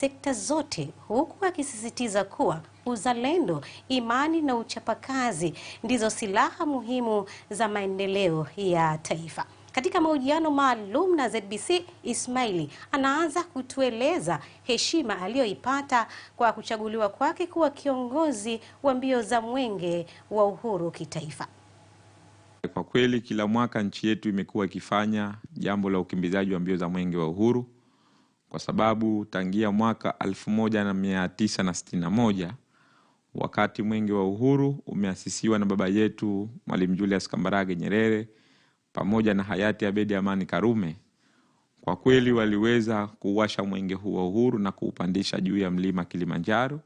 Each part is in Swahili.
sekta zote huku akisisitiza kuwa uzalendo, imani na uchapakazi ndizo silaha muhimu za maendeleo ya taifa. Katika mahojiano maalum na ZBC, Ismaili anaanza kutueleza heshima aliyoipata kwa kuchaguliwa kwake kuwa kiongozi wa mbio za mwenge wa uhuru kitaifa. Kwa kweli, kila mwaka nchi yetu imekuwa ikifanya jambo la ukimbizaji wa mbio za mwenge wa uhuru kwa sababu tangia mwaka 1961 wakati mwingi wa uhuru umeasisiwa na baba yetu Mwalimu Julius Kambarage Nyerere pamoja na hayati Abedi Amani Karume. Kwa kweli waliweza kuuasha mwenge huu wa uhuru na kuupandisha juu ya mlima Kilimanjaro,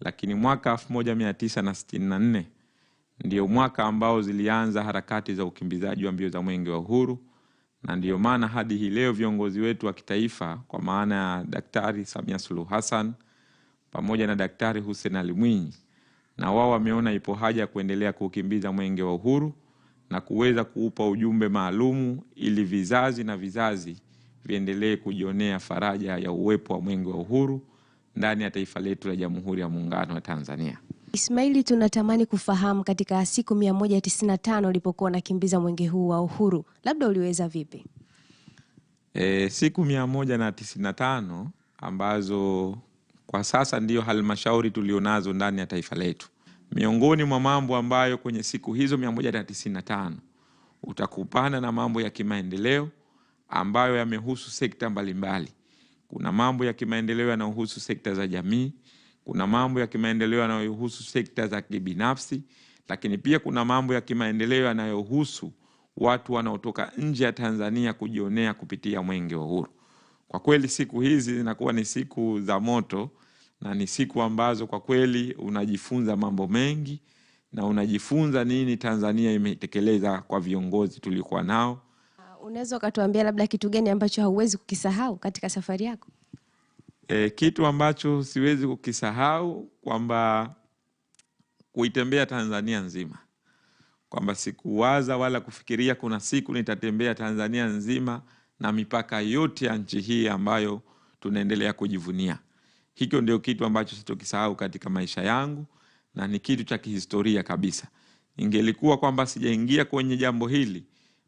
lakini mwaka 1964 ndio mwaka ambao zilianza harakati za ukimbizaji wa mbio za mwenge wa uhuru na ndiyo maana hadi hii leo viongozi wetu wa kitaifa kwa maana ya Daktari Samia Suluhu Hassan pamoja na Daktari Hussein Ali Mwinyi, na wao wameona ipo haja ya kuendelea kuukimbiza mwenge wa uhuru na kuweza kuupa ujumbe maalumu ili vizazi na vizazi viendelee kujionea faraja ya uwepo wa mwenge wa uhuru ndani ya taifa letu la Jamhuri ya Muungano wa Tanzania ismaili tunatamani kufahamu katika siku 195 ulipokuwa unakimbiza mwenge huu wa uhuru, labda uliweza vipi? E, siku 195 ambazo kwa sasa ndiyo halmashauri tulionazo ndani ya taifa letu, miongoni mwa mambo ambayo kwenye siku hizo 195 utakupana na mambo ya kimaendeleo ambayo yamehusu sekta mbalimbali mbali. Kuna mambo ya kimaendeleo yanayohusu sekta za jamii, kuna mambo ya kimaendeleo yanayohusu sekta za kibinafsi, lakini pia kuna mambo ya kimaendeleo yanayohusu watu wanaotoka nje ya Tanzania kujionea kupitia Mwenge wa Uhuru. Kwa kweli siku hizi zinakuwa ni siku za moto na ni siku ambazo kwa kweli unajifunza mambo mengi na unajifunza nini Tanzania imetekeleza kwa viongozi tuliokuwa nao. Unaweza ukatuambia labda kitu gani ambacho hauwezi kukisahau katika safari yako? E, kitu ambacho siwezi kukisahau kwamba kuitembea Tanzania nzima, kwamba sikuwaza wala kufikiria kuna siku nitatembea Tanzania nzima na mipaka yote ya nchi hii ambayo tunaendelea kujivunia. Hicho ndio kitu ambacho sitokisahau katika maisha yangu na ni kitu cha kihistoria kabisa. Ingelikuwa kwamba sijaingia kwenye jambo hili,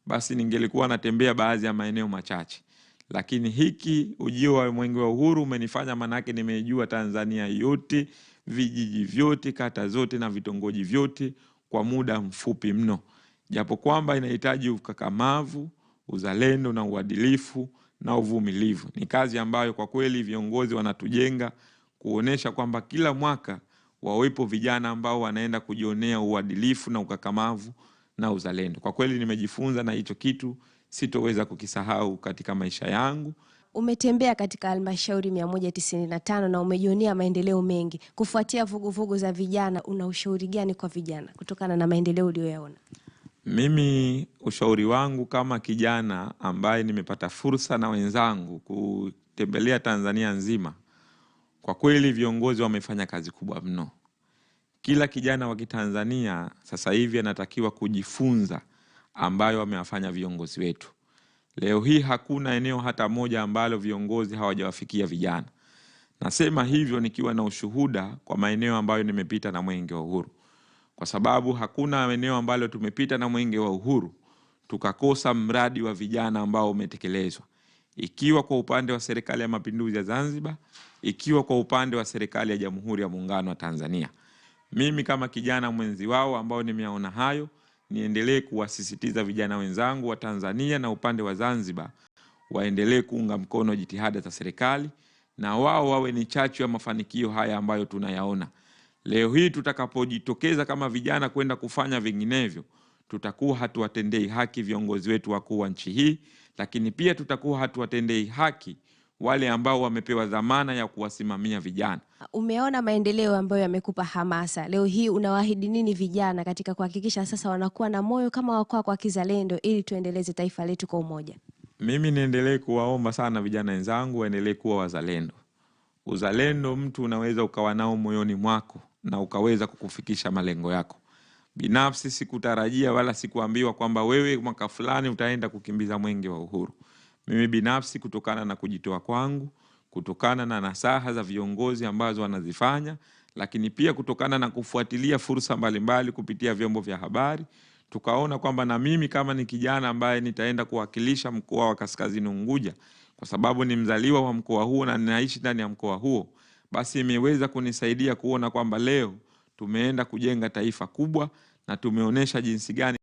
basi ningelikuwa natembea baadhi ya maeneo machache lakini hiki ujio wa mwenge wa uhuru umenifanya, manake nimejua Tanzania yote, vijiji vyote, kata zote na vitongoji vyote kwa muda mfupi mno, japo kwamba inahitaji ukakamavu, uzalendo na uadilifu na uvumilivu. Ni kazi ambayo kwa kweli viongozi wanatujenga kuonesha kwamba kila mwaka wawepo vijana ambao wanaenda kujionea uadilifu na ukakamavu na uzalendo. Kwa kweli nimejifunza na hicho kitu sitoweza kukisahau katika maisha yangu. Umetembea katika halmashauri 195 na umejionea maendeleo mengi. Kufuatia vuguvugu vugu za vijana, una ushauri gani kwa vijana kutokana na maendeleo uliyoyaona? Mimi ushauri wangu kama kijana ambaye nimepata fursa na wenzangu kutembelea Tanzania nzima, kwa kweli viongozi wamefanya kazi kubwa mno. Kila kijana wa Kitanzania sasa hivi anatakiwa kujifunza ambayo wamewafanya viongozi wetu. Leo hii hakuna eneo hata moja ambalo viongozi hawajawafikia vijana. Nasema hivyo nikiwa na ushuhuda kwa maeneo ambayo nimepita na Mwenge wa Uhuru, kwa sababu hakuna eneo ambalo tumepita na Mwenge wa Uhuru tukakosa mradi wa vijana ambao umetekelezwa, ikiwa kwa upande wa Serikali ya Mapinduzi ya Zanzibar, ikiwa kwa upande wa Serikali ya Jamhuri ya Muungano wa Tanzania. Mimi kama kijana mwenzi wao ambao nimeona hayo niendelee kuwasisitiza vijana wenzangu wa Tanzania na upande wa Zanzibar waendelee kuunga mkono jitihada za serikali na wao wawe ni chachu ya mafanikio haya ambayo tunayaona leo hii. Tutakapojitokeza kama vijana kwenda kufanya vinginevyo, tutakuwa hatuwatendei haki viongozi wetu wakuu wa nchi hii, lakini pia tutakuwa hatuwatendei haki wale ambao wamepewa dhamana ya kuwasimamia vijana. Ah, umeona maendeleo ambayo yamekupa hamasa, leo hii unawaahidi nini vijana katika kuhakikisha sasa wanakuwa na moyo kama wakwako wa kizalendo, ili tuendeleze taifa letu kwa umoja? Mimi niendelee kuwaomba sana vijana wenzangu waendelee kuwa wazalendo. Uzalendo mtu unaweza ukawa nao moyoni mwako na ukaweza kukufikisha malengo yako binafsi. Sikutarajia wala sikuambiwa kwamba wewe mwaka fulani utaenda kukimbiza mwenge wa uhuru mimi binafsi kutokana na kujitoa kwangu, kutokana na nasaha za viongozi ambazo wanazifanya, lakini pia kutokana na kufuatilia fursa mbalimbali kupitia vyombo vya habari, tukaona kwamba na mimi kama ni kijana ambaye nitaenda kuwakilisha mkoa wa Kaskazini Unguja, kwa sababu ni mzaliwa wa mkoa huo na ninaishi ndani ya mkoa huo, basi imeweza kunisaidia kuona kwamba leo tumeenda kujenga taifa kubwa na tumeonyesha jinsi gani